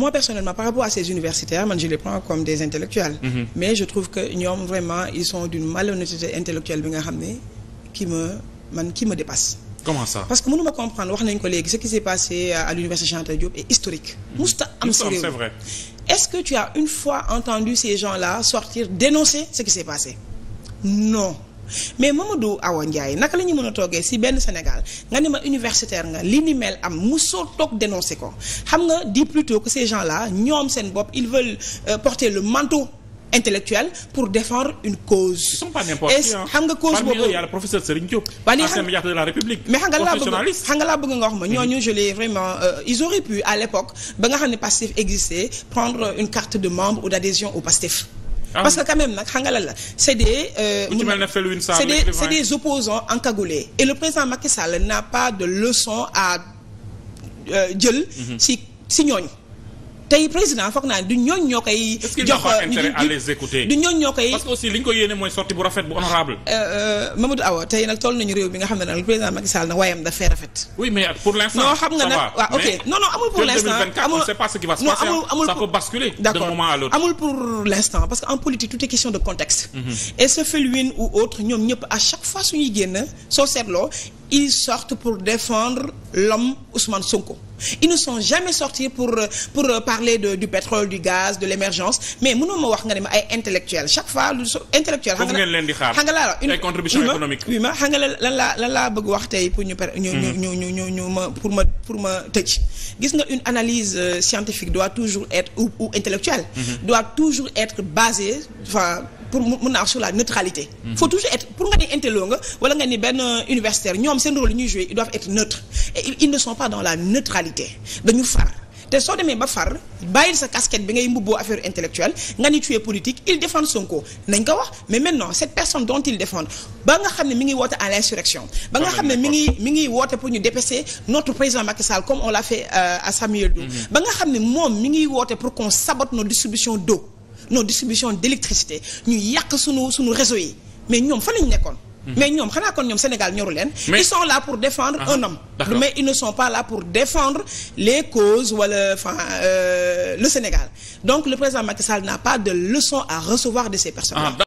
moi personnellement par rapport à ces universitaires man je les prends comme des intellectuels mm -hmm. mais je trouve que ñoom vraiment ils sont d'une malhonnêteté intellectuelle bi nga xam ne qui me man qui me dépasse comment ça parce que mënu ma comprendre wax nañ ko léegi ce qui s'est passé à l'université Cheikh Anta Diop est historique mhm. musta am si réew est-ce que tu as une fois entendu ces gens-là sortir dénoncer ce qui s'est passé non mais Mamadou Awa Ndiaye naka la ñu mën a toogee si benn Sénégal nga ne ma universitaire nga li ni mel am musoo toog dénoncer ko xam nga di plutôt que ces gens là ñoom seen bopp ils veulent euh, porter le manteau intellectuel pour défendre une cause. ils sont pas n'importe qui xam nga cause boobu le professeur mais xam nga laa bëgg xam nga laa bëgg nga wax ma mm-hmm. ñooñu je l'ai vraiment euh, ils auraient pu à l'époque ba nga xam ne Pastef existait prendre une carte de membre ou d'adhésion au Pastef. Ah. parce que quand même nag xam nga lan la c'est des. Euh, c'est des c'est des opposants encagoulés et le président Macky Sall n'a pas de leçon à euh, jël. ci mhm. ci ñooñ tey président foog naa du ñooñ ñoo koy. jox euh, du ñooñ ñoo koy. parce que aussi li ñu ko yéene mooy sorti bu rafet bu honorable. Euh, euh, Mamadou Awa tey nag toll nañu réew bi nga xam ne nag président Macky Sall nag waayam dafay rafet. oui xam nga nag waaw ok non amul pour l' amul pour l' parce que en politique tout question de contexte. Mm-hmm. et ce phénomène ou autre ñoom ñëpp à chaque fois suñuy génn soo seetloo ils sortent pour défendre l'homme Ousmane Sonko ils ne sont jamais sortis pour pour parler de du pétrole du gaz de l'émergence mais mënoo ma wax nga ne ma ay intellectuels chaque fois lu intellectuel xam nga leen di xaar xam nga laa la laa lan laa bëgg wax tey pour ñu per ñu mm-hmm. ñu ñu ñu ma pour ma pour ma tëj gis nga une analyse euh, scientifique doit toujours être ou ou intellectuelle mm-hmm. doit toujours être basée pour mun naa wax sur la neutralité. il mhm. faut toujours être pour nga ni intello nga wala nga ni benn euh, universitaire ñoom seen rôle ñuy jouer ils doivent être neutres et ne sont pas dans la neutralité dañu far. te soo demee ba far bàyyil sa casquette bi ngay mbubboo affaire intellectuelle nga ni tu es politique il défend Sonko nañ ko wax mais maintenant cette personne dont il défend ba nga xam ne mi ngi woote à l'insurrection ba nga xam ne mi ngi mi ngi woote pour ñu dépasser notre président Macky Sall l'a fait euh, à mhm. nga xam ne moom mi ngi woote pour qu'on sabote nos distributions d'eau nos distributions d'électricité ñu yàq sunu sunu réseau yi mais ñoom fan lañ nekkoon. Mhm. mais ñoom xanaa kon ñoom Sénégal ñoru leen. ils sont là pour défendre ah, un homme. mais ils ne sont pas là pour défendre les causes wala enfin euh, le Sénégal donc le président Macky Sall n'a pas de leçon à recevoir de ces personnes. Ah,